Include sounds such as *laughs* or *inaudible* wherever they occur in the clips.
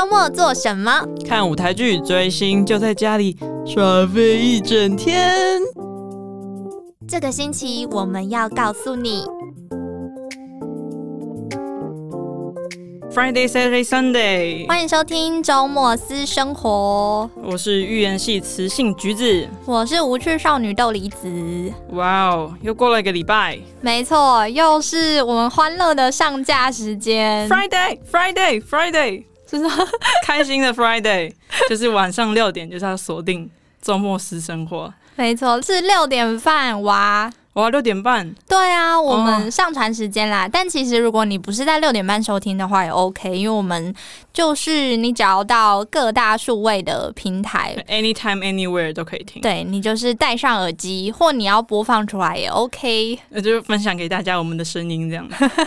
週末做什麼？看舞台劇、追星，就在家裡耍廢一整天。這個星期我們要告訴你：Friday, Saturday, Sunday。歡迎收聽週末私生活。我是預言系雌性橘子，我是無趣少女荳梨子。哇哦，又過了一個禮拜。沒錯，又是我們歡樂的上架時間。Friday, Friday, Friday。就是說開心的 Friday， *laughs* 就是晚上六點就是要鎖定周末私生活。沒錯，是六點半。哇，哇，六點半。對啊，我們上傳時間啦，哦。但其實如果你不是在六點半收聽的話也 OK，因為我們。就是你只要到各大數位的平台，anytime anywhere 都可以聽。對，你就是戴上耳機，或你要播放出來也 OK。那就分享給大家我們的聲音這樣。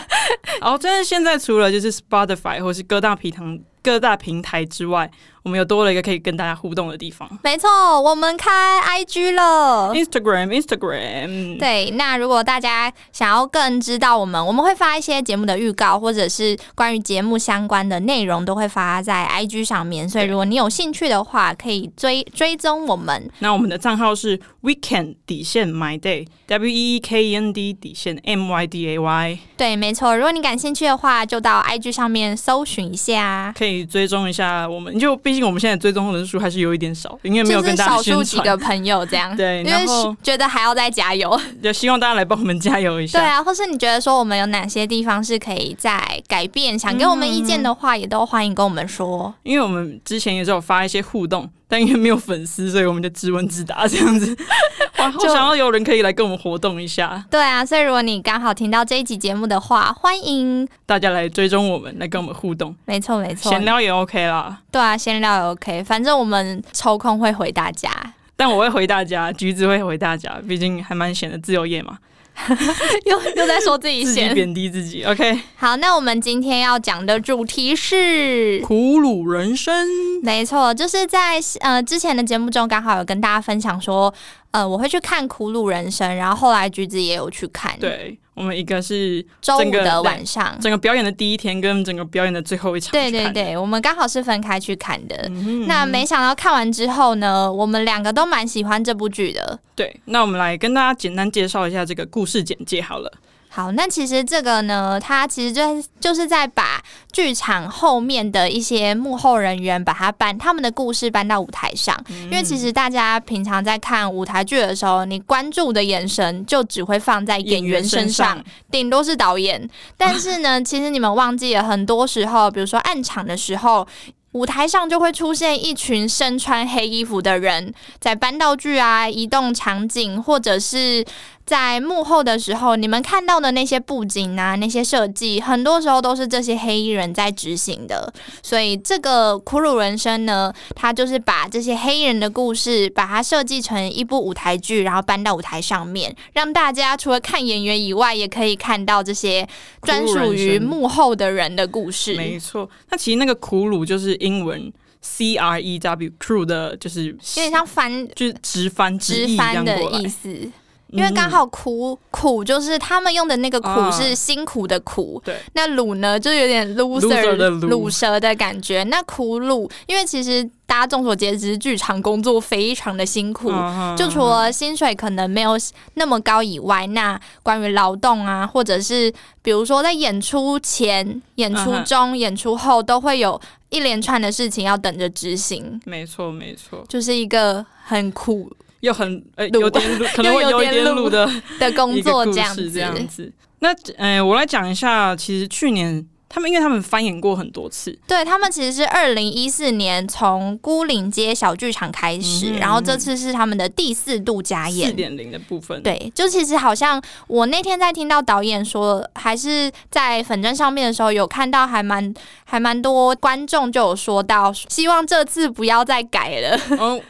哦， *laughs* 真的現在除了就是 Spotify 或是各大平台各大平台之外，我們又多了一個可以跟大家互動的地方。沒錯，我們開 IG 了，Instagram，Instagram Instagram。對，那如果大家想要更知道我們，我們會發一些節目的預告，或者是關於節目相關的內容都會。會發在 IG 上面，所以如果你有興趣的話，可以追追蹤我們。那我們的賬號是 Weekend 底線 My Day，W E E K E N D 底線 M Y D A Y。對，沒錯。如果你感興趣的話，就到 IG 上面搜尋一下，可以追蹤一下我們。就畢竟我們現在追蹤的人數還是有一點少，因為沒有跟大家宣傳，就是、少數幾個朋友這樣， *laughs* 對，因為覺得還要再加油，就希望大家來幫我們加油一下。對啊，或是你覺得說我們有哪些地方是可以再改變，想給我們意見的話，也都歡迎、嗯。跟我們說，因為我們之前也是有發一些互動，但因為沒有粉絲，所以我們就自問自答這樣子。 *laughs* 就想要有人可以來跟我們互動一下。對啊，所以如果你剛好聽到這一集節目的話，歡迎大家來追蹤我們，來跟我們互動。沒錯沒錯，閒聊也 OK 啦。對啊，閒聊也 OK，反正我們抽空會回大家。但我會回大家，橘子會回大家，畢竟還蠻閒的自由業嘛。 *laughs* 又又在說自己， *laughs* 自己貶低自己。OK，好，那我們今天要講的主題是《苦魯人生》。沒錯，就是在呃之前的節目中，剛好有跟大家分享說，呃，我會去看《苦魯人生》，然後後來橘子也有去看。對。我們一個是週五的晚上，整個表演的第一天跟整個表演的最後一場，對對對，我們剛好是分開去看的。嗯。那沒想到看完之後呢，我們兩個都蠻喜歡這部劇的。對，那我們來跟大家簡單介紹一下這個故事簡介好了。好，那其實這個呢，它其實就就是在把劇場後面的一些幕後人員把它搬，他們的故事搬到舞台上。嗯、因為其實大家平常在看舞台劇的時候，你關注的眼神就只會放在演員身上，頂多是導演。但是呢、啊，其實你們忘記了，很多時候，比如說暗場的時候，舞台上就會出現一群身穿黑衣服的人在搬道具啊、移動場景，或者是。在幕後的時候，你們看到的那些布景啊，那些設計，很多時候都是這些黑衣人在執行的。所以這個苦魯人生呢，他就是把這些黑衣人的故事，把它設計成一部舞台劇，然後搬到舞台上面，讓大家除了看演員以外，也可以看到這些專屬於幕後的人的故事。沒錯，那其實那個苦魯就是英文 C R E W crew 的，就是有點像翻，就是直翻直翻的意思。因為剛好苦、嗯、苦就是他們用的那個苦是辛苦的苦，哦、對那魯呢就有點 loser 魯蛇的感覺。那苦魯，因為其實大家眾所皆知，劇場工作非常的辛苦、嗯，就除了薪水可能沒有那麼高以外，嗯、那關於勞動啊，或者是比如說在演出前、演出中、嗯、演出後，都會有一連串的事情要等着執行。沒錯，沒錯，就是一個很苦。又很呃、欸，有點可能會有點魯的 *laughs* 的工作這樣子，這樣子。那哎、呃，我來講一下，其實去年他們因為他們翻演過很多次，對他們其實是二零一四年從牯嶺街小劇場開始、嗯，然後這次是他們的第四度加演。四點零的部分，對，就其實好像我那天在聽到導演說，還是在粉專上面的時候，有看到還蠻還蠻多觀眾就有說到，希望這次不要再改了。哦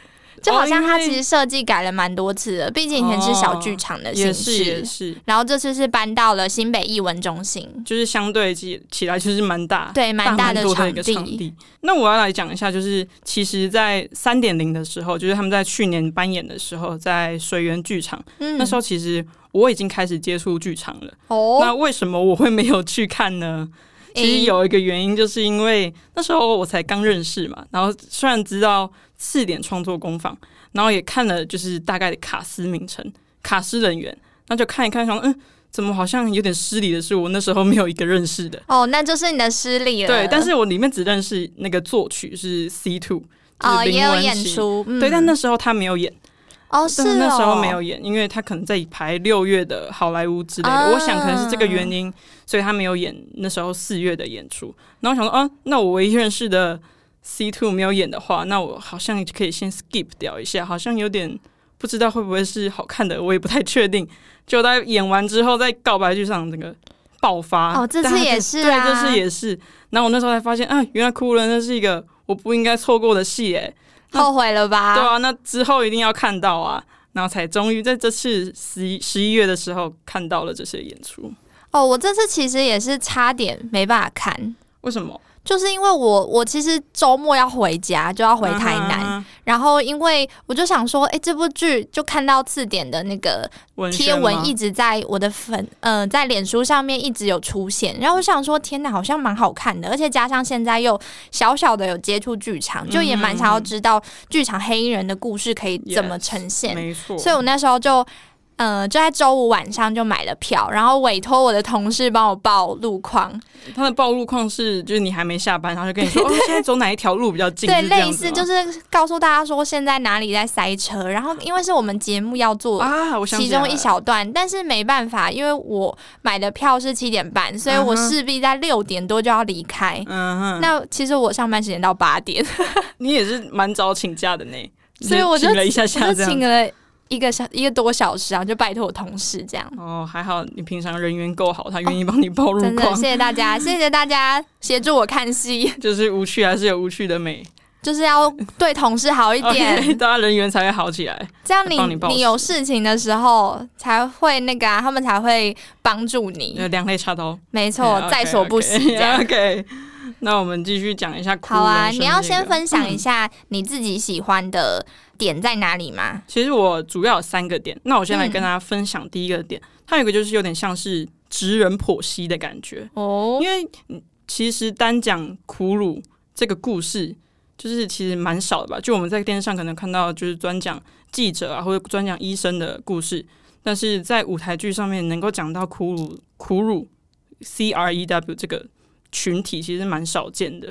就好像它其實設計改了蠻多次的，哦，畢竟以前是小劇場的形式，也是也是。然後這次是搬到了新北藝文中心，就是相對起起來其實蠻大，對，蠻大的場地，大蠻多的一個場地。那我要來講一下，就是其實，在三點零的時候，就是他們在去年搬演的時候，在水源劇場。嗯，那時候其實我已經開始接觸劇場了。哦，那為什麼我會沒有去看呢？其實有一個原因，就是因為那時候我才剛認識嘛，然後雖然知道四點創作工坊，然後也看了就是大概的卡斯名稱、卡斯人員，那就看一看說，嗯，怎麼好像有點失禮的是我那時候沒有一個認識的。哦，那就是你的失禮了。對，但是我裡面只認識那個作曲是 C two，啊，也有演出，嗯，對，但那時候他沒有演。哦，是但是那時候沒有演，哦、因為他可能在排六月的好萊塢之類的、嗯，我想可能是這個原因，所以他沒有演那時候四月的演出。然後我想說，啊，那我唯一認識的 C two 沒有演的話，那我好像可以先 skip 掉一下，好像有點不知道會不會是好看的，我也不太確定。就在演完之後，在告白劇上那個爆發，哦，這次也是、啊，對，這次也是。然後我那時候才發現，啊，原來苦魯，那是一個我不應該錯過的戲、欸，哎。後悔了吧？對啊，那之後一定要看到啊，然後才終於在這次十一、十一月的時候看到了這些演出。哦，我這次其實也是差點沒辦法看，為什麼？就是因為我我其實周末要回家，就要回台南。Uh -huh. 然後因為我就想說，誒，這部劇就看到字典的那個貼文一直在我的粉呃在臉書上面一直有出現。然後我想說，天哪，好像蠻好看的，而且加上現在又小小的有接觸劇場，mm -hmm. 就也蠻想要知道劇場黑衣人的故事可以怎麼呈現。Yes, 沒錯，所以我那時候就。嗯、呃，就在週五晚上就買了票，然後委托我的同事幫我報路況。他的報路況是，就是你還沒下班，然後就跟你說 *laughs* 對對對、哦、現在走哪一條路比較近，對。對，類似就是告訴大家說現在哪裡在塞車。然後因為是我們節目要做其中一小段、啊，但是沒辦法，因為我買的票是七點半，所以我勢必在六點多就要離開。嗯哼，那其實我上班時間到八點， *laughs* 你也是蠻早請假的呢。所以我就請了一下下這一個小一個多小時啊，就拜托我同事這樣。哦，還好你平常人緣夠好，他願意幫你暴露、哦、真的，謝謝大家，謝謝大家協助我看戲。 *laughs* 就是無趣還是有無趣的美，就是要對同事好一點， *laughs* okay, 大家人緣才會好起來。這樣你你，你有事情的時候才會那個、啊，他們才會幫助你。兩肋插刀，沒錯，在所不惜。Yeah, okay. 那我們繼續講一下苦魯人生。好啊，你要先分享一下、嗯、你自己喜歡的點在哪裡嗎？其實我主要有三個點。那我先來跟大家分享第一個點，還、嗯、有一個就是有點像是職人剖析的感覺哦。因為其實單講苦魯這個故事，就是其實蠻少的吧？就我們在電視上可能看到，就是專講記者啊，或者專講醫生的故事，但是在舞台劇上面能夠講到苦魯、苦魯 C R E W 這個。群體其實蠻少見的，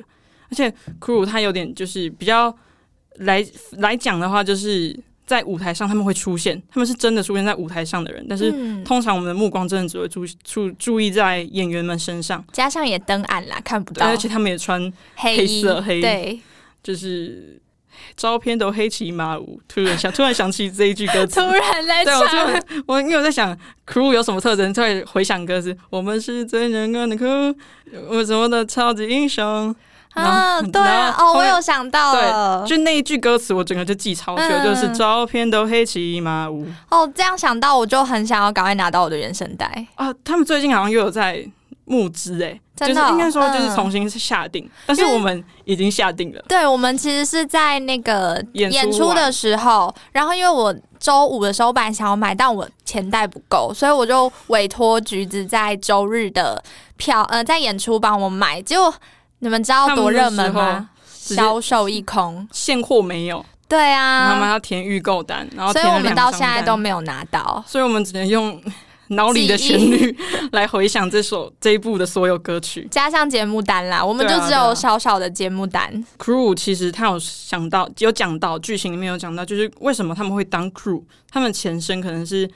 而且 crew 他有點就是比較來來講的話，就是在舞台上他們會出現，他們是真的出現在舞台上的人，嗯、但是通常我們的目光真的只會注注注意在演員們身上，加上也燈暗了，看不到，而且他們也穿黑色黑，黑對，就是。照片都黑漆麻烏，突然想突然想起這一句歌詞， *laughs* 突然在想我，我因為我在想 *laughs* crew 有什麼特徵，再回想歌詞，我們是最勇敢的 crew，我們什麼的超級英雄啊，對啊後後哦，我有想到對，就那一句歌詞，我整個就記超、嗯、就是照片都黑漆麻烏。哦，這樣想到，我就很想要趕快拿到我的原聲帶啊！他們最近好像又有在募資哎、欸。就是應該說，就是重新是下定，嗯，但是我們已經下定了。對，我們其實是在那個演出的時候，然後因為我週五的時候本來想要買，但我錢袋不夠，所以我就委托橘子在週日的票，呃，在演出幫我買。結果你們知道多熱門嗎？銷售一空，現貨沒有。對啊，他們要填預購單，然後所以我們到現在都沒有拿到，所以我們只能用。腦裡的旋律來回想這首這一部的所有歌曲，加上節目單啦，我們就只有小小的節目單，啊。Crew 其實他有講到，有講到劇情裡面有講到，就是為什麼他們會當 Crew，他們前身可能是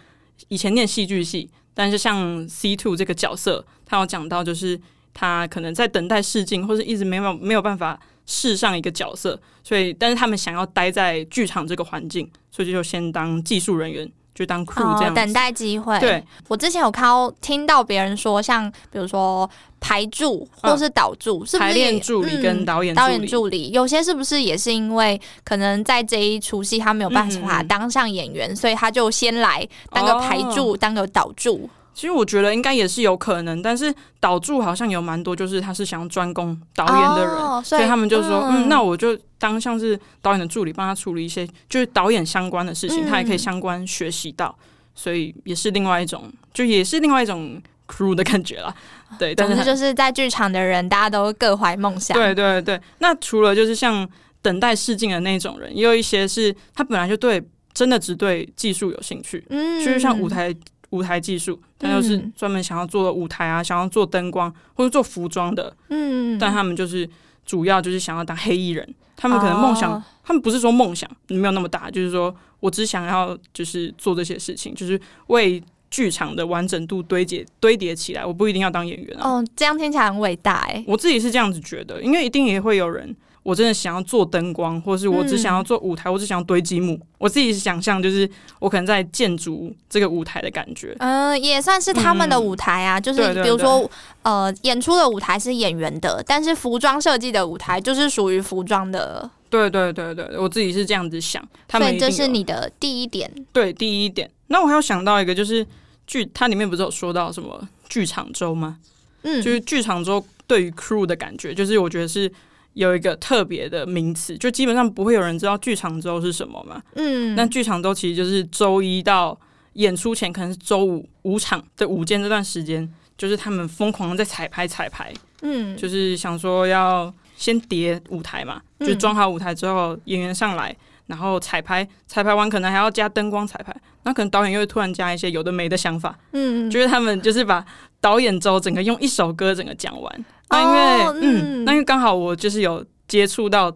以前念戲劇系，但是像 C Two 這個角色，他有講到就是他可能在等待試鏡，或者一直沒有沒有辦法試上一個角色，所以但是他們想要待在劇場這個環境，所以就先當技術人員。就當 crew 這樣子，哦，等待機會。對，我之前有看到，聽到別人說，像比如說排助或是導助，啊，是不是排練助理跟導演，嗯，導演助理？有些是不是也是因為可能在這一出戲他沒有辦法他當上演員，嗯，所以他就先來當個排助，哦，當個導助。其實我覺得應該也是有可能，但是導助好像有蠻多，就是他是想專攻導演的人、oh, 所，所以他們就說嗯，嗯，那我就當像是導演的助理，幫他處理一些就是導演相關的事情，嗯、他也可以相關學習到，所以也是另外一種，就也是另外一種 crew 的感覺啦。對，但是就是在劇場的人，大家都各懷夢想。對對對。那除了就是像等待試鏡的那種人，也有一些是他本來就對真的只對技術有興趣，嗯，就是像舞台。舞台技術，但又是專門想要做舞台啊，嗯、想要做燈光或者做服裝的，嗯，但他們就是主要就是想要當黑衣人。他們可能夢想、哦，他們不是說夢想沒有那麼大，就是說我只想要就是做這些事情，就是為劇場的完整度堆疊堆疊起來，我不一定要當演員、啊、哦，這樣聽起來很偉大哎、欸，我自己是這樣子覺得，因為一定也會有人。我真的想要做燈光，或是我只想要做舞台，嗯、我只想要堆積木。我自己想象就是我可能在建築這個舞台的感覺。嗯、呃，也算是他們的舞台啊，嗯、就是比如說對對對，呃，演出的舞台是演員的，但是服裝設計的舞台就是屬於服裝的。對對對對，我自己是這樣子想。對，這是你的第一點。對，第一點。那我還要想到一個，就是劇它裡面不是有說到什麼劇場周嗎？嗯，就是劇場周對於 crew 的感覺，就是我覺得是。有一個特別的名詞，就基本上不會有人知道劇場周是什麼嘛？嗯，那劇場周其實就是周一到演出前，可能是周五午場的午間這段時間，就是他們瘋狂地在彩排彩排。嗯，就是想說要先疊舞台嘛，嗯、就裝好舞台之後，演員上來，然後彩排，彩排完可能還要加燈光彩排，那可能導演又會突然加一些有的沒的想法。嗯，就是他們就是把。導演周整個用一首歌整個講完，那、哦、因為嗯，那、嗯、因為剛好我就是有接觸到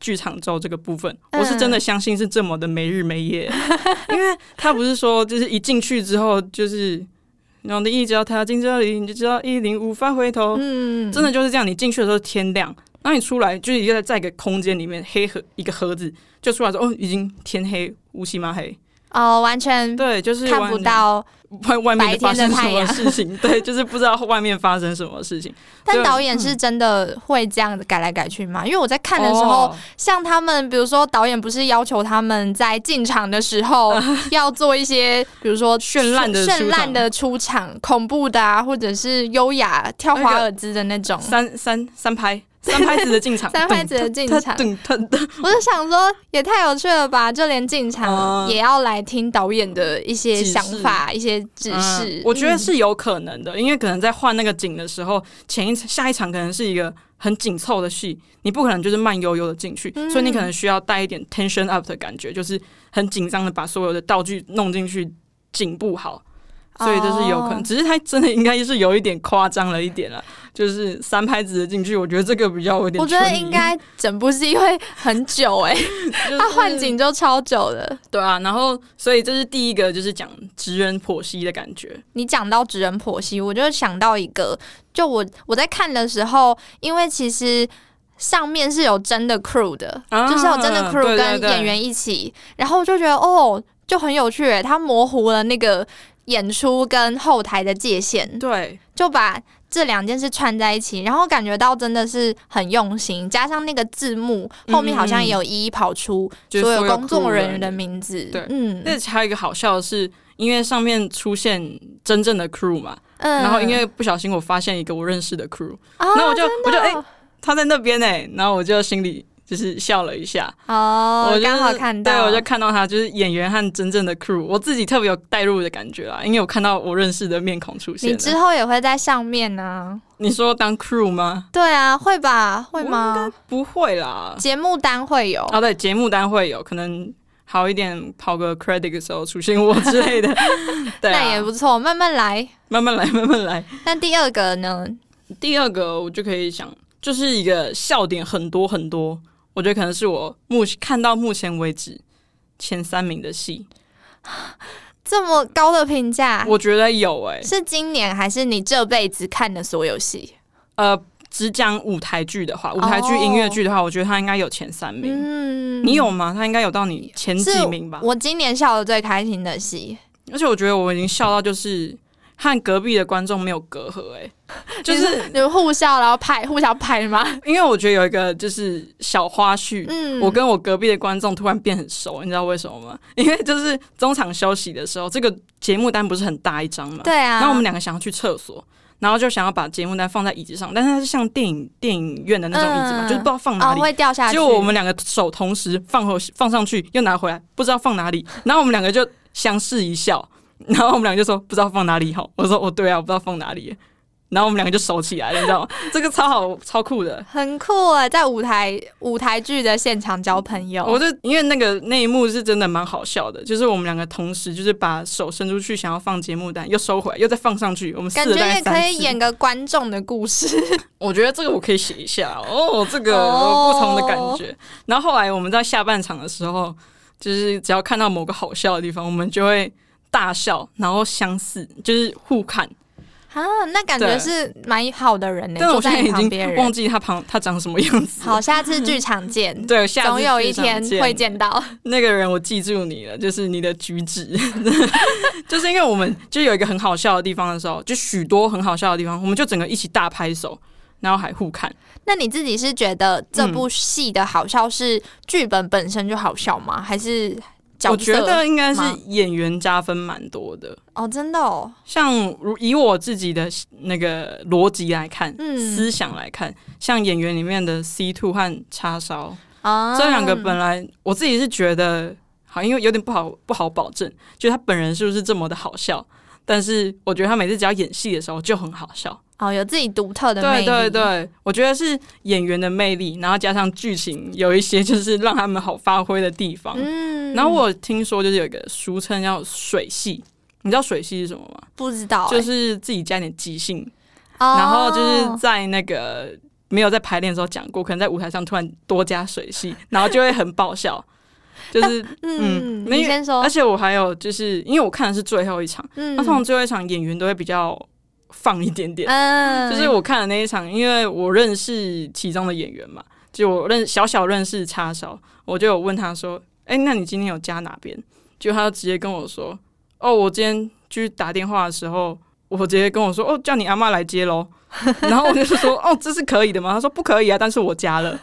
劇場周這個部分、嗯，我是真的相信是這麼的沒日沒夜，嗯、因為他不是說就是一進去之後就是，然後你一知道他進這裡，你就知道一零無法回頭，嗯，真的就是這樣。你進去的時候天亮，那你出來就是一個在一個空間裡面黑盒一個盒子就出來說哦已經天黑烏漆嘛黑哦完全對，就是看不到。外外面的發生什麼事情？ *laughs* 對，就是不知道外面發生什麼事情。但導演是真的會這樣子改來改去嗎？嗯、因為我在看的時候、哦，像他們，比如說導演不是要求他們在進場的時候要做一些， *laughs* 比如說絢爛的、絢爛的出場，恐怖的，啊，或者是優雅跳華爾茲的那種，三三三拍。三拍子的進場， *laughs* 三拍子的進場， *laughs* 我就想說，也太有趣了吧！就連進場也要來聽導演的一些想法、嗯、一些指示、嗯。我覺得是有可能的，因為可能在換那個景的時候，前一場、下一場可能是一個很緊湊的戲，你不可能就是慢悠悠的進去，所以你可能需要帶一點 tension up 的感覺，就是很緊張的把所有的道具弄進去，景布好。所以就是有可能，oh. 只是他真的應該就是有一點誇張了一點了，就是三拍子的進去，我覺得這個比較有點。我覺得應該整部戲會很久哎、欸，他 *laughs* 換、就是、景就超久了。 *laughs* 對啊，然後所以這是第一個，就是講職人剖析的感覺。你講到職人剖析，我就想到一個，就我我在看的時候，因為其實上面是有真的 crew 的，oh. 就是有真的 crew 跟演員一起，對對對，然後我就覺得哦，就很有趣哎、欸，他模糊了那個。演出跟後台的界限，對，就把這兩件事串在一起，然後感覺到真的是很用心，加上那個字幕後面好像也有一一跑出所有工作人員的名字，嗯、對，嗯。那還有一個好笑的是，因為上面出現真正的 crew 嘛，呃、然後因為不小心我發現一個我認識的 crew，那、哦、我就我就哎、欸、他在那邊哎、欸，然後我就心裡。就是笑了一下哦，我剛、就是、剛好看到，對，我就看到他，就是演員和真正的 crew，我自己特別有代入的感覺啊，因為我看到我認識的面孔出現。你之後也會在上面呢、啊？你說當 crew 嗎？ *laughs* 對啊，會吧？會嗎？應該不會啦。節目單會有啊、哦？對，節目單會有，可能好一點，跑個 credit 的時候出現我之類的。 *laughs* 對啊、那也不錯，慢慢來，慢慢來，慢慢來。那第二個呢？第二個我就可以想，就是一個笑點很多很多。我覺得可能是我目看到目前為止前三名的戲，這麼高的評價，我覺得有哎、欸，是今年還是你這輩子看的所有戲？呃，只講舞台劇的話，舞台劇、oh. 音樂劇的話，我覺得他應該有前三名。嗯、mm.，你有嗎？他應該有到你前幾名吧？我今年笑得最開心的戲，而且我覺得我已經笑到就是。和隔壁的觀眾沒有隔閡，哎，就是你們互相然後拍，互相拍嗎？因為我覺得有一個就是小花絮，嗯，我跟我隔壁的觀眾突然變很熟，你知道為什麼嗎？因為就是中場休息的時候，這個節目單不是很大一張嘛，對啊。然後我們兩個想要去廁所，然後就想要把節目單放在椅子上，但是它是像電影電影院的那種椅子嘛，就是不知道放哪裡會掉下。結果我們兩個手同時放後放上去，又拿回來，不知道放哪裡。然後我們兩個就相視一笑。然後我們兩個就說不知道放哪裡好。我說哦對啊，我不知道放哪裡。然後我們兩個就熟起來了，你知道嗎？這個超好超酷的，很酷啊，在舞台舞台劇的現場交朋友。我就因為那個那一幕是真的蠻好笑的，就是我們兩個同時就是把手伸出去想要放節目單，又收回來，又再放上去。我們感覺也可以演個觀眾的故事。我覺得這個我可以寫一下哦，這個、哦、不同的感覺、哦。然後後來我們在下半場的時候，就是只要看到某個好笑的地方，我們就會，大笑，然後相視，就是互看。啊，那感覺是蠻好的人呢。但我現在已經忘記他旁他長什麼樣子。好，下次劇場見。 *laughs* 對，下次劇場見，總有一天會見到那個人。我記住你了，就是你的舉止。 *laughs* 就是因為我們就有一個很好笑的地方的時候，就許多很好笑的地方，我們就整個一起大拍手，然後還互看。那你自己是覺得這部戲的好笑是劇本本身就好笑嗎，還是？我覺得應該是演員加分蠻多的哦，真的哦。像如以我自己的那個邏輯來看，嗯，思想來看，像演員裡面的 C two 和叉燒啊，這兩個本來我自己是覺得好，因為有點不好不好保證，就他本人是不是這麼的好笑？但是我覺得他每次只要演戲的時候就很好笑。哦，有自己獨特的魅力。對對對，我覺得是演員的魅力，然後加上劇情有一些就是讓他們好發揮的地方。嗯，然後我聽說就是有一個俗稱叫水戲，你知道水戲是什麼嗎？不知道、欸，就是自己加點即興、哦，然後就是在那個沒有在排練的時候講過，可能在舞台上突然多加水戲，然後就會很爆笑。 *laughs* 就是、啊、嗯，沒、嗯，你先說。那而且我還有就是因為我看的是最後一場，嗯，那通常最後一場演員都會比較。放一點點，就是我看了那一場，因為我認識其中的演員嘛，就我認小小認識叉燒，我就有問他說：“哎，那你今天有加哪邊？”就他就直接跟我說：“哦，我今天去打電話的時候。”我直接跟我說哦，叫你阿嬤來接嘍。然後我就是說 *laughs* 哦，這是可以的嗎？他說不可以啊，但是我加了。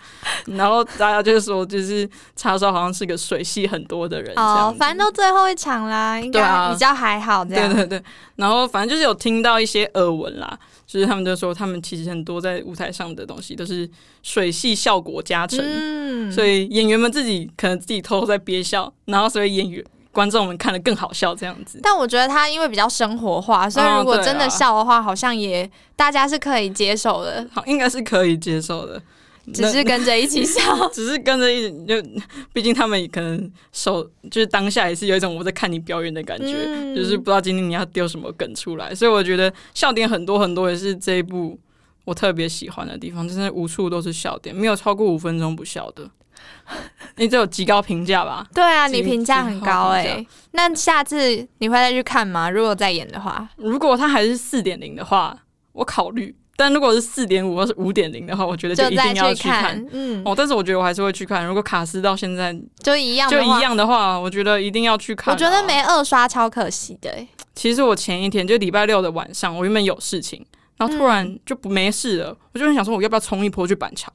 然後大家就是說，就是叉燒好像是個水系很多的人這樣。哦，反正都最後一場啦，應該比較還好這樣對、啊。對對對。然後反正就是有聽到一些耳聞啦，就是他們就說他們其實很多在舞台上的東西都是水系效果加成、嗯，所以演員們自己可能自己偷偷在憋笑，然後所以演員。觀眾們看得更好笑這樣子，但我覺得他因為比較生活化，所以如果真的笑的話，嗯啊、好像也大家是可以接受的，好應該是可以接受的，只是跟着一起笑， *laughs* 只是跟着一起就，畢竟他們也可能受就是當下也是有一種我在看你表演的感覺，嗯、就是不知道今天你要丟什麼梗出來，所以我覺得笑點很多很多，也是這一部我特別喜歡的地方，真的無處都是笑點，沒有超過五分鐘不笑的。 *laughs* 你這有極高評價吧？對啊，你評價很高哎、欸。那下次你會再去看嗎？如果再演的話，如果他還是四點零的話，我考慮；但如果是四點五或是五點零的話，我覺得就一定要去看，去看。嗯，哦，但是我覺得我還是會去看。如果卡斯到現在就一樣，就一樣的話，我覺得一定要去看。我覺得沒二刷超可惜的、欸。其實我前一天就禮拜六的晚上，我原本有事情，然後突然就不沒事了，嗯、我就很想說，我要不要衝一波去板橋？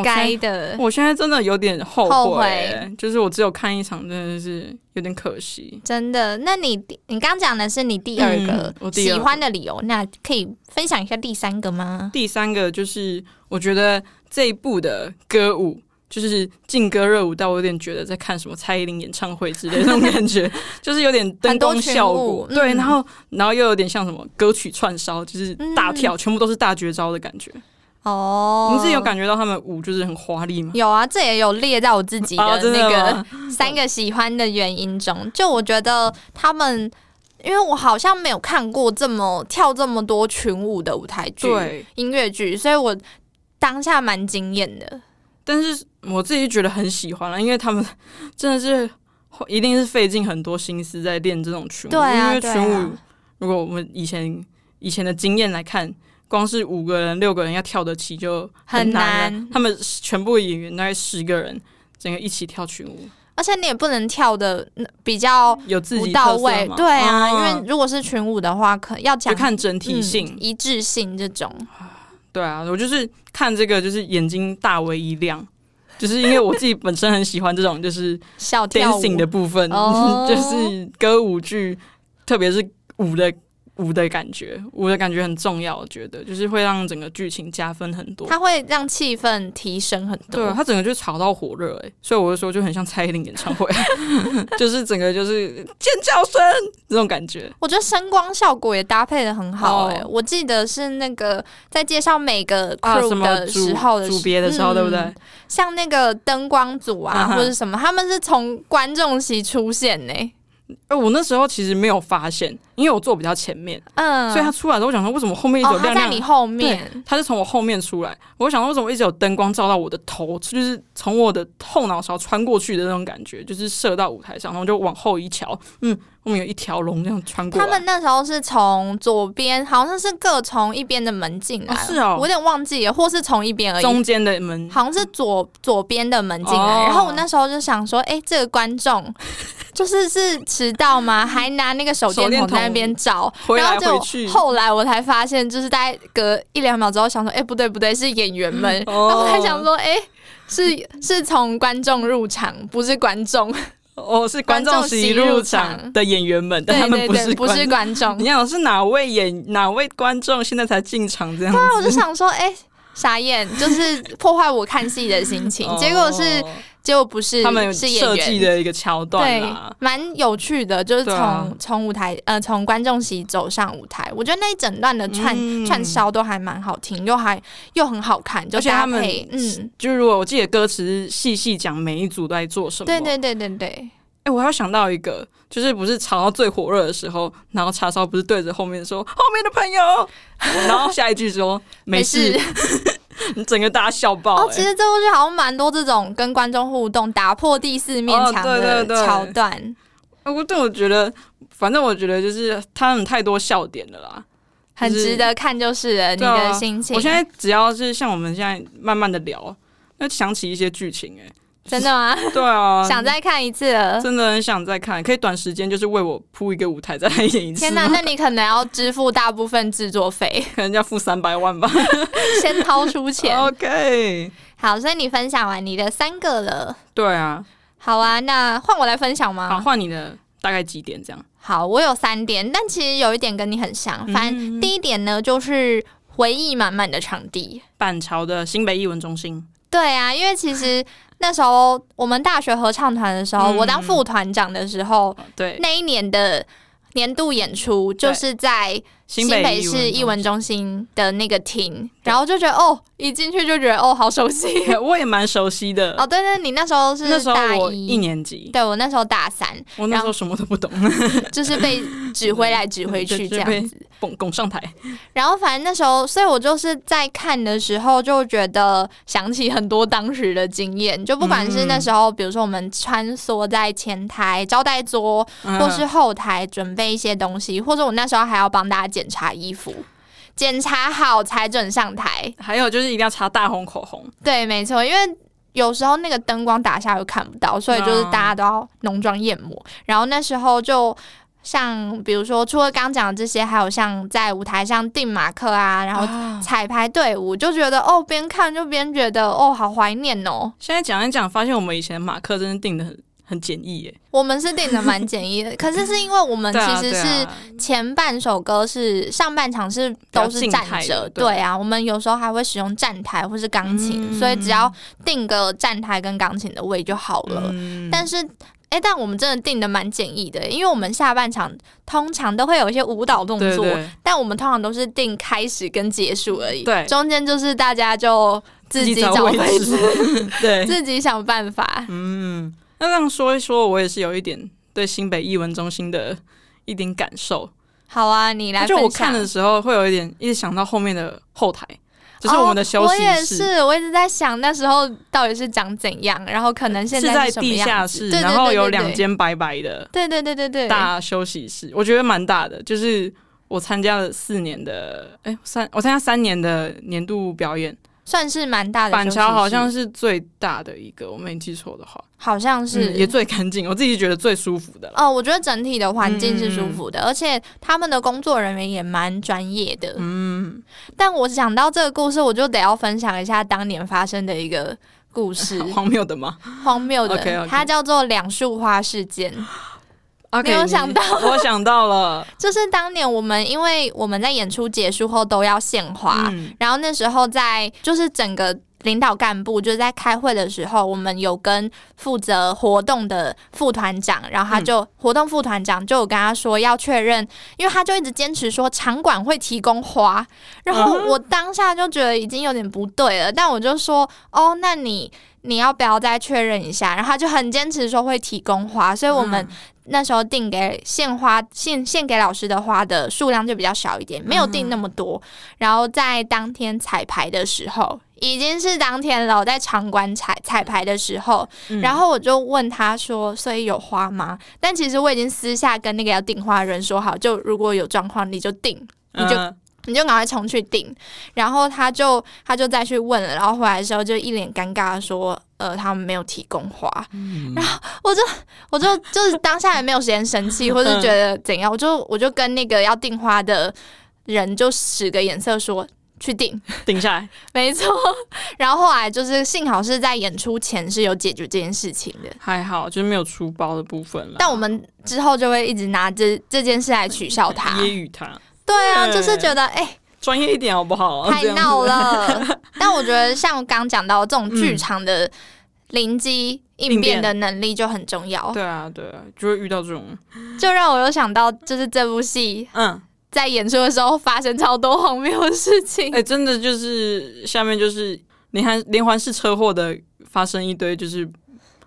該的，我現在真的有點後悔、欸後悔，就是我只有看一場，真的是有點可惜。真的，那你你剛講的是你第二個、嗯、我第二個喜歡的理由，那可以分享一下第三個嗎？第三個就是我覺得這一部的歌舞就是勁歌熱舞，到我有點覺得在看什麼蔡依林演唱會之類的那 *laughs* 種感覺，就是有點燈光效果，對，然後然後又有點像什麼歌曲串燒，就是大跳、嗯，全部都是大絕招的感覺。哦、oh，你自己有感覺到他們舞就是很華麗嗎？有啊，這也有列在我自己的那個三個喜歡的原因中。Oh, 就我覺得他們，因為我好像沒有看過這麼跳這麼多群舞的舞台劇、音樂劇，所以我當下蠻驚艷的。但是我自己覺得很喜歡了，因為他們真的是一定是費盡很多心思在練這種群舞，對啊、因為群舞、啊，如果我們以前以前的經驗來看。光是五個人、六個人要跳得起就很難，啊很難。他們全部演員大概十個人，整個一起跳群舞，而且你也不能跳得比較舞蹈有自己到位。對啊，啊，因為如果是群舞的話，可要講看整體性、嗯、一致性這種。對啊，我就是看這個，就是眼睛大為一亮， *laughs* 就是因為我自己本身很喜歡這種就是跳舞的部分，哦、 *laughs* 就是歌舞劇，特別是舞的。舞的感覺，舞的感覺很重要，我覺得就是會讓整個劇情加分很多，它會讓氣氛提升很多。對，它整個就吵到火熱、欸，所以我就說就很像蔡依林演唱會， *laughs* *laughs* 就是整個就是尖叫聲這種感覺。我覺得聲光效果也搭配得很好誒、欸哦，我記得是那個在介紹每個啊什麼組的，的，的時候，組別的時候對不對？像那個燈光組啊，嗯、或者什麼，他們是從觀眾席出現呢、欸。我那時候其實沒有發現，因為我坐比較前面，嗯，所以他出來的時候，我想說，為什麼後面一直有亮、亮、哦、他在你後面，他是從我後面出來。我想說，為什麼一直有燈光照到我的頭？就是從我的後腦勺穿過去的那種感覺，就是射到舞台上。然後就往後一瞧，嗯，後面有一條龍這樣穿過。他們那時候是從左邊，好像是各從一邊的門進來、哦。是哦，我有點忘記，或是從一邊而已。中間的門，好像是左左邊的門進來、哦。然後我那時候就想說，哎、欸，這個觀眾。 *laughs* 就是是遲到嗎？還拿那個手電筒在那邊照，回回然後就後來我才發現，就是大概隔一兩秒之後想說，哎、欸，不對不對，是演員們，嗯、然後我還想說，哎、欸，是是從觀眾入場，不是觀眾，哦，是觀眾席入場的演員們，但他們不是不是觀眾。你想是， *laughs* 是哪位演哪位觀眾現在才進場這樣？對，我就想說，哎、欸。傻眼就是破壞我看戲的心情， *laughs* 嗯哦、結果是結果不是他們是設計的一個橋段，對，蠻有趣的，就是從從、啊、舞台呃從觀眾席走上舞台，我覺得那一整段的串、嗯、串燒都還蠻好聽，又還又很好看，就搭配，他們嗯，就是如果我記得歌詞細細講每一組都在做什麼，對對對對對，對，對。哎、欸，我還想到一個，就是不是炒到最火熱的時候，然後叉燒不是對着後面說“ *laughs* 後面的朋友”， *laughs* 然後下一句說“沒事”，沒事 *laughs* 你整個大家笑爆，欸哦。其實這部劇好像蠻多這種跟觀眾互動、打破第四面牆的橋段，哦對對對。我對，我覺得，反正我覺得就是他們太多笑點了啦，就是，很值得看，就是了、啊、你的心情。我現在只要是像我們現在慢慢的聊，要想起一些劇情，欸，哎。真的嗎？ *laughs* 對啊，想再看一次了，真的很想再看，可以短時間就是為我鋪一個舞台再來演一次。天哪，那你可能要支付大部分製作費，人家付三百萬吧，先掏出錢。 *laughs* OK，好，所以你分享完你的三個了，對啊，好啊，那換我來分享嗎？好，換你的大概幾點這樣？好，我有三點，但其實有一點跟你很像。反正第一點呢，就是回憶滿滿的場地，嗯嗯，板橋的新北藝文中心。對啊，因為其實。 *laughs* 那時候我們大學合唱團的時候，嗯，我當副團長的時候，對那一年的年度演出就是在。新北市藝文中心的那個廳，個廳，然後就覺得哦，一進去就覺得哦，好熟悉，我也蠻熟悉的。哦，對對，你那時候是大一一年級？對我那時候大三，我那時候什麼都不懂， *laughs* 就是被指揮來指揮去這樣子，拱拱上台。然後反正那時候，所以我就是在看的時候就覺得想起很多當時的經驗，就不管是那時候，嗯、比如說我們穿梭在前台招待桌、嗯，或是後台準備一些東西，或者我那時候還要幫大家解。檢查衣服，檢查好才准上台。還有就是一定要擦大紅口紅。對，沒錯，因為有時候那個燈光打下又看不到，所以就是大家都要濃妝艷抹。然後那時候，就像比如說，除了剛講的這些，還有像在舞台上訂馬克啊，然後彩排隊伍、啊，就覺得哦，邊看就邊覺得哦，好懷念哦。現在講一講，發現我們以前馬克真的定得很。很簡易耶，我們是定的蠻簡易的， *laughs* 可是是因為我們其實是前半首歌，是上半場是都是站着，對啊，我們有時候還會使用站台或是鋼琴、嗯，所以只要定個站台跟鋼琴的位就好了。嗯、但是，哎、欸，但我們真的定的蠻簡易的，因為我們下半場通常都會有一些舞蹈動作，對對對，但我們通常都是定開始跟結束而已，對，中間就是大家就自己找位置，自己找位置 *laughs* 對，自己想辦法，嗯。那這樣說一說，我也是有一點對新北藝文中心的一點感受。好啊，你來。就我看的時候，會有一點一直想到後面的後台，就是我們的休息室。哦、我也是，我一直在想那時候到底是長怎樣，然後可能現在是什麼樣，是在地下室，然後有兩間白白的，對對對對對，白白大休息室，對對對對對，我覺得蠻大的。就是我參加了四年的，哎、欸，三我參加三年的年度表演。算是蠻大的，板橋好像是最大的一個，我沒記錯的話，好像是、嗯、也最乾淨，我自己覺得最舒服的了。哦，我覺得整體的環境是舒服的、嗯，而且他們的工作人員也蠻專業的。嗯，但我想到這個故事，我就得要分享一下當年發生的一個故事，荒謬的嗎？荒謬的，okay, okay. 它叫做兩束花事件。沒、okay, 有想到，我想到了 *laughs* 就是當年我們因為我們在演出結束後都要獻花，嗯、然後那時候在就是整個領導幹部就是、在開會的時候，我們有跟負責活動的副團長，然後他就、嗯、活動副團長就有跟他說要確認，因為他就一直堅持說場館會提供花，然後我當下就覺得已經有點不對了，哦、但我就說哦，那你你要不要再確認一下？然後他就很堅持說會提供花，所以我們。那時候訂給獻花獻獻給老師的花的數量就比較少一點，沒有訂那麼多，嗯。然後在當天彩排的時候，已經是當天了，我在場館彩彩排的時候，嗯，然後我就問他說：“所以有花嗎？”但其實我已經私下跟那個要訂花的人說好，就如果有狀況，你就訂，嗯，你就你就趕快重去訂。然後他就他就再去問了，然後回來的時候就一臉尷尬的說。呃，他們沒有提供花，嗯、然後我就我就就是當下也沒有時間生氣， *laughs* 或是覺得怎樣，我就我就跟那個要訂花的人就使個眼色說，說去訂訂下來，沒錯。然後後來就是幸好是在演出前是有解決這件事情的，還好就是沒有出包的部分了。但我們之後就會一直拿這這件事來取笑他，揶、嗯、揄他。對啊，就是覺得哎。專業一點好不好？太鬧了。 *laughs* 但我覺得像我剛講到這種劇場的臨機、嗯、應變的能力就很重要。對啊，對啊，就會遇到這種，就讓我又想到就是這部戲，嗯，在演出的時候發生超多荒謬的事情。哎、欸，真的就是下面就是連環連環式車禍的發生一堆，就是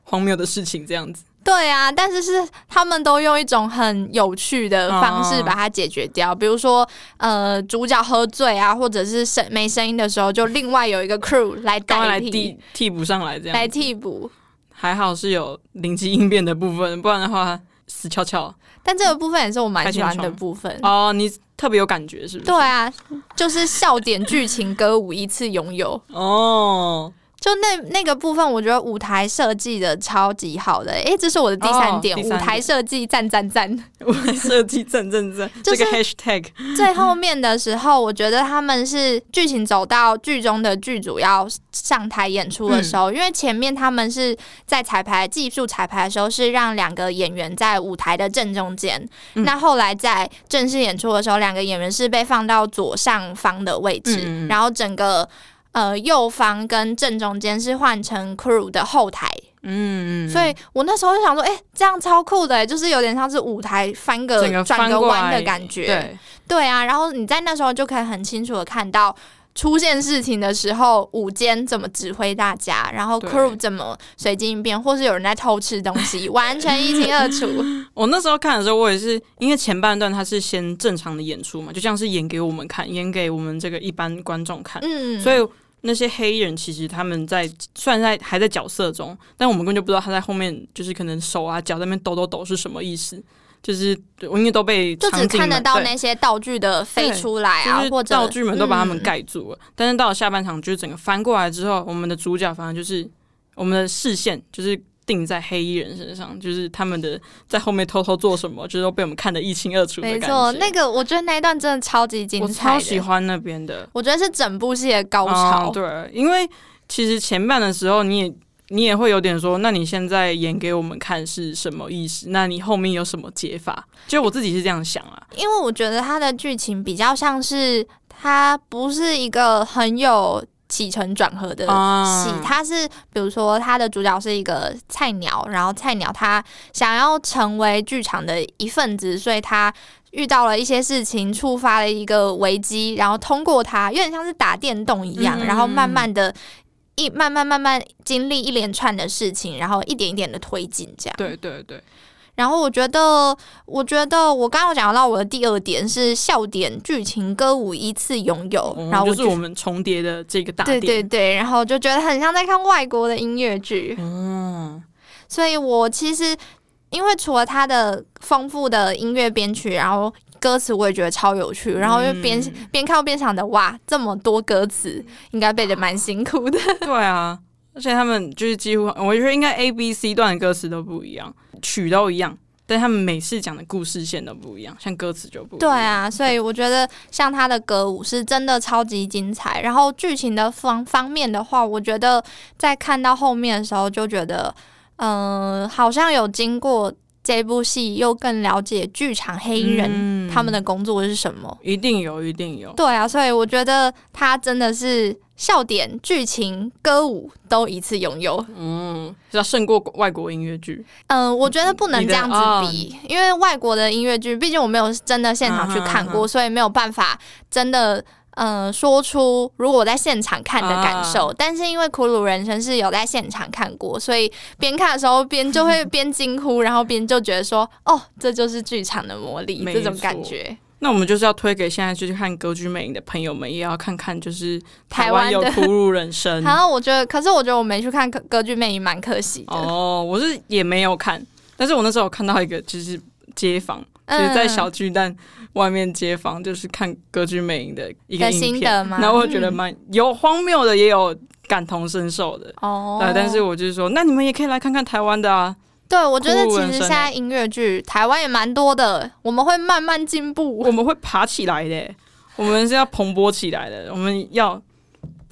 荒謬的事情這樣子。對啊，但是是他們都用一種很有趣的方式把它解決掉，oh. 比如說呃，主角喝醉啊，或者是聲沒聲音的時候，就另外有一個 crew 來代替來替替補上來這樣，來替補。還好是有臨機應變的部分，不然的話死翹翹。但這個部分也是我蠻喜歡的部分哦，oh, 你特別有感覺是不是？對啊，就是笑點、劇情、歌舞一次擁有哦。 *laughs* oh. 就那那個部分，我覺得舞台設計的超級好的，欸。誒、欸，這是我的第三點，舞台設計讚讚讚，舞台設計讚讚讚。這個 hashtag 最後面的時候，我覺得他們是劇情走到劇中的劇組要上台演出的時候，嗯，因為前面他們是在彩排技術彩排的時候是讓兩個演員在舞台的正中間，嗯，那後來在正式演出的時候，兩個演員是被放到左上方的位置，嗯，然後整個。呃，右方跟正中間是換成 crew 的後台，嗯，所以我那時候就想說，哎、欸，這樣超酷的，就是有點像是舞台翻個轉個彎的感覺，對，對啊。然後你在那時候就可以很清楚的看到出現事情的時候，舞監怎麼指揮大家，然後 crew 怎麼隨機應變，或是有人在偷吃東西， *laughs* 完全一清二楚。 *laughs* 我那時候看的時候，我也是因為前半段他是先正常的演出嘛，就像是演給我們看，演給我們這個一般觀眾看，嗯，所以。那些黑衣人其實他們在算在還在角色中，但我們根本就不知道他在後面就是可能手啊腳在那邊抖抖抖是什麼意思。就是我應該都被場景就只看得到那些道具的飛出來啊，或者、就是、道具們都把他們蓋住了、嗯。但是到了下半場，就是、整個翻過來之後，我們的主角反而就是我們的視線就是。定在黑衣人身上，就是他們的在後面偷偷做什麼，就是都被我們看得一清二楚的感覺。沒錯，那個我覺得那一段真的超級精彩，我超喜歡那邊的。我覺得是整部戲的高潮。嗯，對，因為其實前半的時候，你也你也會有點說，那你現在演給我們看是什麼意思？那你後面有什麼解法？就我自己是這樣想啊，因為我覺得它的劇情比較像是它不是一個很有。起承轉合的起，它是比如說，它的主角是一個菜鳥，然後菜鳥他想要成為劇場的一份子，所以他遇到了一些事情，觸發了一個危機，然後通過他，有點像是打電動一樣，然後慢慢的，一慢慢慢慢經歷一連串的事情，然後一點一點的推進，這樣。對對對。然後我覺得，我覺得我剛剛講到我的第二點是笑點、劇情、歌舞一次擁有，哦、然後就，就是我們重疊的這個大點，對對對，然後就覺得很像在看外國的音樂劇。嗯、哦，所以我其實因為除了他的豐富的音樂編曲，然後歌詞我也覺得超有趣，然後就邊、嗯、邊看邊想的哇，這麼多歌詞應該背的蠻辛苦的。啊對啊。而且他們就是幾乎，我覺得應該 A B C 段的歌詞都不一樣，曲都一樣，但他們每次講的故事線都不一樣，像歌詞就不一樣。對啊，所以我覺得像他的歌舞是真的超級精彩。然後劇情的方方面的話，我覺得在看到後面的時候就覺得，嗯、呃，好像有經過。這部戲又更了解劇場黑衣人、嗯、他們的工作是什麼？一定有，一定有。對啊，所以我覺得他真的是笑點、劇情、歌舞都一次擁有。嗯，是要勝過外國音樂劇？嗯、呃，我覺得不能這樣子比，嗯啊、因為外國的音樂劇，畢竟我沒有真的現場去看過，啊、哈哈所以沒有辦法真的。嗯、呃，說出如果我在現場看的感受，啊、但是因為《苦魯人生》是有在現場看過，所以邊看的時候邊就會邊驚呼， *laughs* 然後邊就覺得說：“哦，這就是劇場的魔力，這種感覺。”那我們就是要推給現在去看歌劇魅影的朋友們，也要看看，就是台灣有《苦魯人生》。然後我覺得，可是我覺得我沒去看歌劇魅影，蠻可惜的。哦，我是也沒有看，但是我那時候有看到一個，就是街訪。其、嗯、實，就是、在小巨蛋外面街坊就是看歌劇魅影的一個影片，那我覺得蠻有荒謬的，也有感同身受的哦、嗯。但是我就是說，那你們也可以來看看台灣的啊。對，我覺得其實現在音樂劇台灣也蠻多的，我們會慢慢進步，我們會爬起來的、欸，我們是要蓬勃起來的，我們要。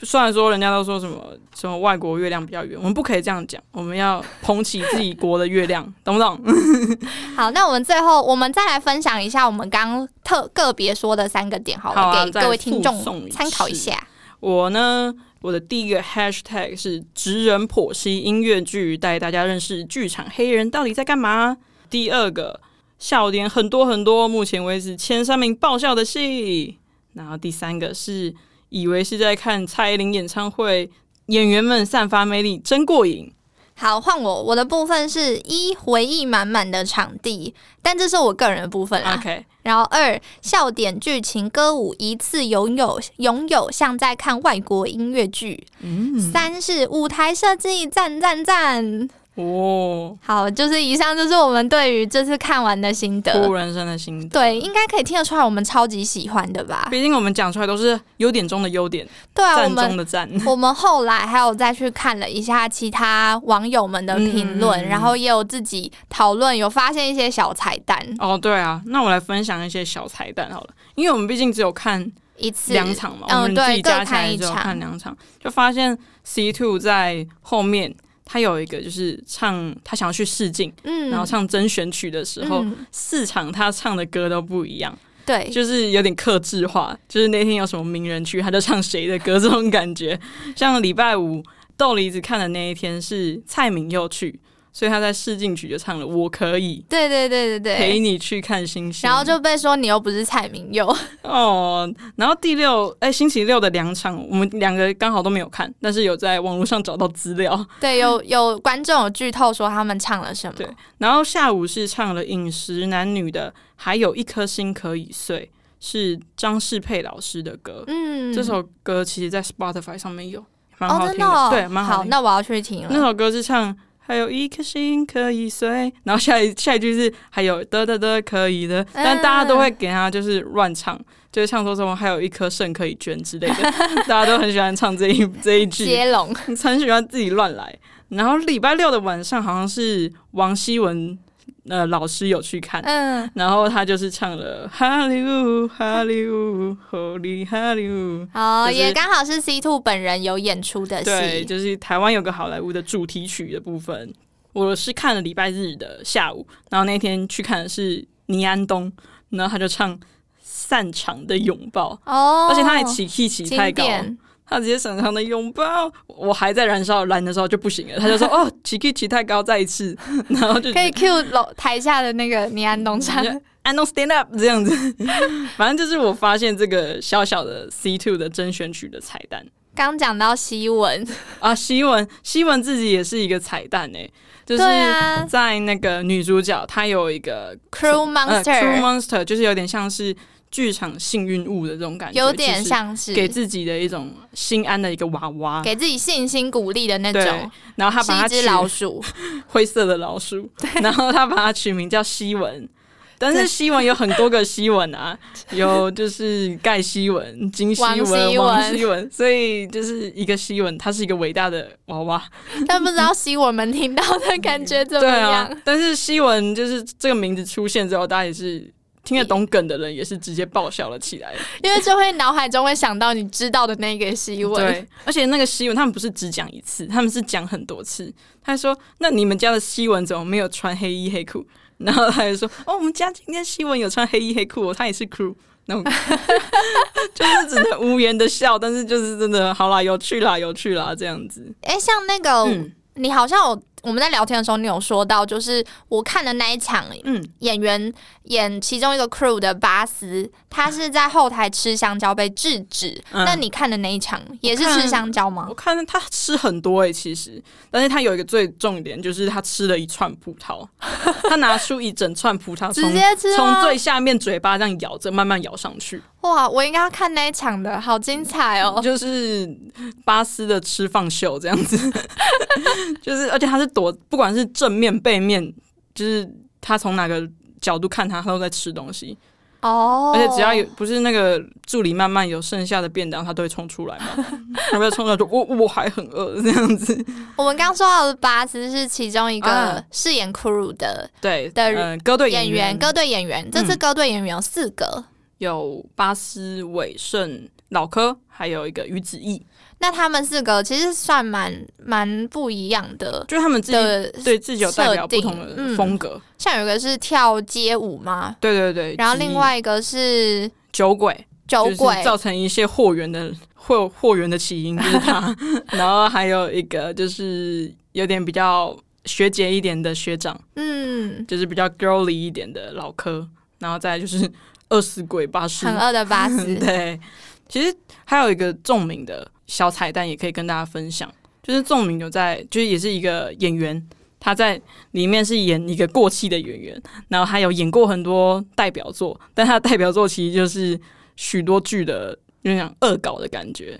雖然說人家都說什麼什麼外國月亮比較圓，我們不可以這樣講，我們要捧起自己國的月亮， *laughs* 懂不懂？ *laughs* 好，那我們最後我們再來分享一下我們剛特個別說的三個點，好了，啊，給各位聽眾參考一下一。我呢，我的第一個 hashtag 是《職人剖析音樂劇》，帶大家認識劇場黑人到底在幹嘛。第二個笑點很多很多，目前為止前三名爆笑的戲。然後第三個是。以為是在看蔡依林演唱會，演員們散發魅力，真過癮。好，換我，我的部分是一回憶滿滿的場地，但這是我個人的部分啊。OK，然後二笑點、劇情、歌舞，一次擁有擁有，擁有像在看外國音樂劇。嗯，三是舞台設計，讚讚讚。哦、oh，好，就是以上就是我們對於這次看完的心得，苦魯人生的心得。對，應該可以聽得出來，我們超級喜歡的吧？畢竟我們講出來都是優點中的優點，對啊，讚中的讚。我們後來還有再去看了一下其他網友們的評論，嗯，然後也有自己討論，有發現一些小彩蛋。哦、oh，對啊，那我來分享一些小彩蛋好了，因為我們畢竟只有看一次兩場嘛，嗯，對，加起來只有看兩場，嗯、對，看一場、看兩場，就發現 C two 在後面。他有一個就是唱，他想要去試鏡、嗯，然後唱甄選曲的時候、嗯，四場他唱的歌都不一樣，對，就是有點客製化，就是那天有什麼名人去，他就唱誰的歌， *laughs* 這種感覺。像禮拜五荳梨子看的那一天是蔡明又去，所以他在試鏡曲就唱了，我可以，對對對，陪你去看星星對對對對，然後就被說你又不是蔡明佑哦。然後第六哎，星期六的兩場，我們兩個剛好都沒有看，但是有在網絡上找到資料，對，有有觀眾有劇透說他們唱了什麼。對，然後下午是唱了《飲食男女》的，還有一顆心可以碎，是張世佩老師的歌。嗯，這首歌其實在 Spotify 上面有，蠻好聽的、哦？真的哦？對，蠻好聽的。好。那我要去聽了。那首歌是唱。還有一顆心可以碎，然後下一下一句是還有得得得可以的，但大家都會給他就是亂唱，就是唱說什麼還有一顆腎可以捐之類的，大家都很喜歡唱這一 *laughs* 這一句，接龍，很喜歡自己亂來。然後禮拜六的晚上好像是王希文，呃，老師有去看，嗯，然後他就是唱了 Hollywood, Hollywood, Holy Hollywood, 哦，也剛好是 C two 本人有演出的戲。對，就是台灣有個好萊塢的主題曲的部分。我是看了禮拜日的下午，然後那天去看的是倪安東，然後他就唱《散場的擁抱》哦而且他還起氣起太高。他直接長上的擁抱，我還在燃燒，藍的時候就不行了。他就說：“哦，key 起太高，再一次。”然後就 *laughs* 可以 cue 老台下的那個尼安東山。安東 Stand Up 這樣子。 *laughs* 反正就是我發現這個小小的 C Two 的甄選曲的彩蛋。剛 *laughs* 講到西文 *laughs* 啊，西文西文自己也是一個彩蛋哎、欸，就是在那個女主角她有一個 monster, *laughs* 呃、Crew Monster，Crew Monster 就是有點像是。劇場幸運物的這種感覺，有點像是，就是給自己的一種心安的一個娃娃，給自己信心鼓勵的那種。然後他把它一只老鼠， *laughs* 灰色的老鼠，對，然後他把它取名叫西文。但是西文有很多個西文啊，有就是蓋西文、金西文、王西文、王西文、王西文，所以就是一個西文。他是一個偉大的娃娃，但不知道西文們聽到的感覺怎麼樣。 *laughs* 對啊，但是西文就是這個名字出現之後，大家也是。聽得懂梗的人也是直接爆笑了起來， *laughs* 因為就會腦海中會想到你知道的那個西文，對，而且那個西文他們不是只講一次，他們是講很多次。他說：“那你們家的西文怎麼沒有穿黑衣黑褲？”然後他就說：“哦，我們家今天西文有穿黑衣黑褲，哦，他也是 crew，那種，我 *laughs* *laughs* 就是只能無言的笑，但是就是真的好啦，有趣啦，有趣啦，這樣子。欸”哎，像那個、嗯、你好像有。我們在聊天的時候，你有說到，就是我看的那一場，嗯，演員演其中一個 crew 的巴斯、嗯，他是在後台吃香蕉被制止、嗯。那你看的那一場也是吃香蕉嗎？我看，我看他吃很多誒、欸，其實，但是他有一個最重點，就是他吃了一串葡萄， *laughs* 他拿出一整串葡萄，直接吃，從最下面嘴巴這樣咬着，慢慢咬上去。哇！我應該要看那一場的，好精彩哦！就是巴斯的吃飯秀這樣子， *laughs* 就是而且他是躲，不管是正面背面，就是他從哪個角度看他，他都在吃東西哦。而且只要有不是那個助理慢慢有剩下的便當，他都會衝出來嘛，然後衝出來說：“我我還很餓。”這樣子。我們剛剛說到的巴斯是其中一個飾演苦魯的、嗯、對的、呃、歌隊演員，歌隊演員，歌隊演員，這次歌隊演員有四個。有巴斯、韋盛、老柯，還有一個於子毅。那他們四個其實算蠻蠻不一樣的，就是他們自己的對自己有代表不同的風格。嗯、像有一個是跳街舞嘛，對對對。然後另外一個是酒鬼，酒鬼、就是、造成一些禍源的禍禍源的起因就是他。 *laughs* 然後還有一個就是有點比較學姐一點的學長，嗯，就是比較 girly 一點的老柯。然後再就是。餓死鬼巴士，很餓的巴士。 *laughs* 對，其實還有一個仲明的小彩蛋，也可以跟大家分享。就是仲明有在，就是也是一個演員，他在裡面是演一個過氣的演員，然後他有演過很多代表作，但他的代表作其實就是許多劇的那種惡搞的感覺，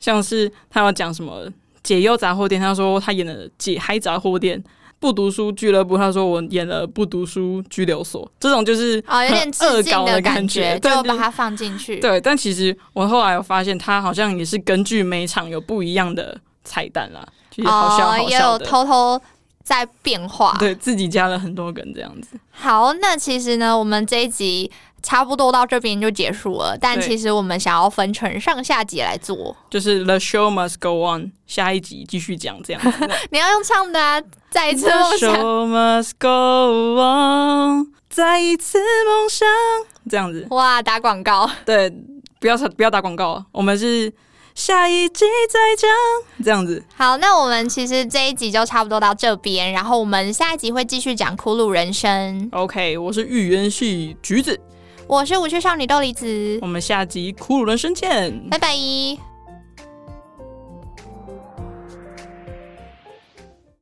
像是他有講什麼解憂雜貨店，他說他演的解嗨雜貨店。不讀書俱樂部，他說我演了不讀書拘留所，這種就是啊有點惡搞的感覺，哦、感覺就把它放進去。對，但其實我後來有發現，他好像也是根據每場有不一樣的彩蛋啦，就好笑好笑，哦、也有偷偷在變化，對自己加了很多梗這樣子。好，那其實呢，我們這一集。差不多到這邊就結束了，但其實我們想要分成上下集來做，就是 The Show Must Go On，下一集繼續講這樣子。 *laughs* 你要用唱的啊，再一次 The Show Must Go On，再一次夢想，這樣子。哇，打廣告？對，不要唱，不要打廣告。我們是下一集再講這樣子。好，那我們其實這一集就差不多到這邊，然後我們下一集會繼續講《苦魯人生》。OK，我是預言系橘子。我是無趣少女荳梨子，我們下集苦魯人生見，拜拜。